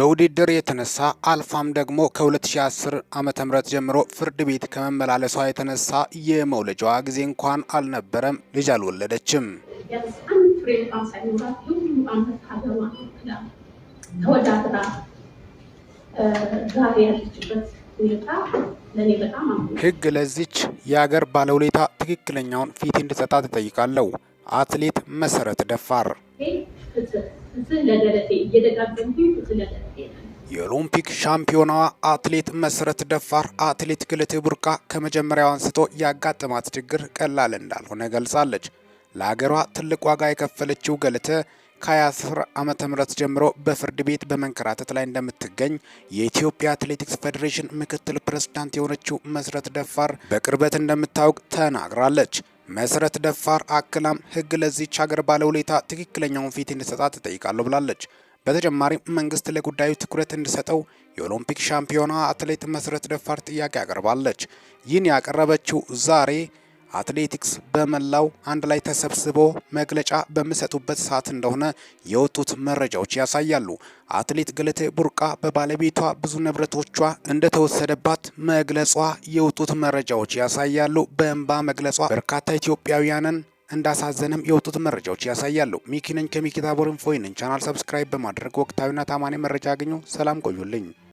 በውድድር የተነሳ አልፋም ደግሞ ከ2010 ዓ ም ጀምሮ ፍርድ ቤት ከመመላለሷ የተነሳ የመውለጃዋ ጊዜ እንኳን አልነበረም። ልጅ አልወለደችም። ህግ ለዚች የአገር ባለውለታ ትክክለኛውን ፊት እንድሰጣት እጠይቃለሁ። አትሌት መሰረት ደፋር የኦሎምፒክ ሻምፒዮናዋ አትሌት መሰረት ደፋር አትሌት ገለቴ ቡርቃ ከመጀመሪያው አንስቶ ያጋጠማት ችግር ቀላል እንዳልሆነ ገልጻለች። ለሀገሯ ትልቅ ዋጋ የከፈለችው ገልተ ከ2010 ዓመተ ምህረት ጀምሮ በፍርድ ቤት በመንከራተት ላይ እንደምትገኝ የኢትዮጵያ አትሌቲክስ ፌዴሬሽን ምክትል ፕሬዝዳንት የሆነችው መሰረት ደፋር በቅርበት እንደምታውቅ ተናግራለች። መሰረት ደፋር አክላም ህግ ለዚች ሀገር ባለውለታ ትክክለኛውን ፊት እንዲሰጣት ትጠይቃለሁ ብላለች። በተጨማሪም መንግስት ለጉዳዩ ትኩረት እንዲሰጠው የኦሎምፒክ ሻምፒዮና አትሌት መሰረት ደፋር ጥያቄ አቅርባለች። ይህን ያቀረበችው ዛሬ አትሌቲክስ በመላው አንድ ላይ ተሰብስቦ መግለጫ በሚሰጡበት ሰዓት እንደሆነ የወጡት መረጃዎች ያሳያሉ። አትሌት ገለቴ ቡርቃ በባለቤቷ ብዙ ንብረቶቿ እንደተወሰደባት መግለጿ የወጡት መረጃዎች ያሳያሉ። በእንባ መግለጿ በርካታ ኢትዮጵያውያንን እንዳሳዘነም የወጡት መረጃዎች ያሳያሉ። ሚኪነኝ ከሚኪታቦር ኢንፎይነኝ ቻናል ሰብስክራይብ በማድረግ ወቅታዊና ታማኝ መረጃ ያገኙ ሰላም ቆዩልኝ።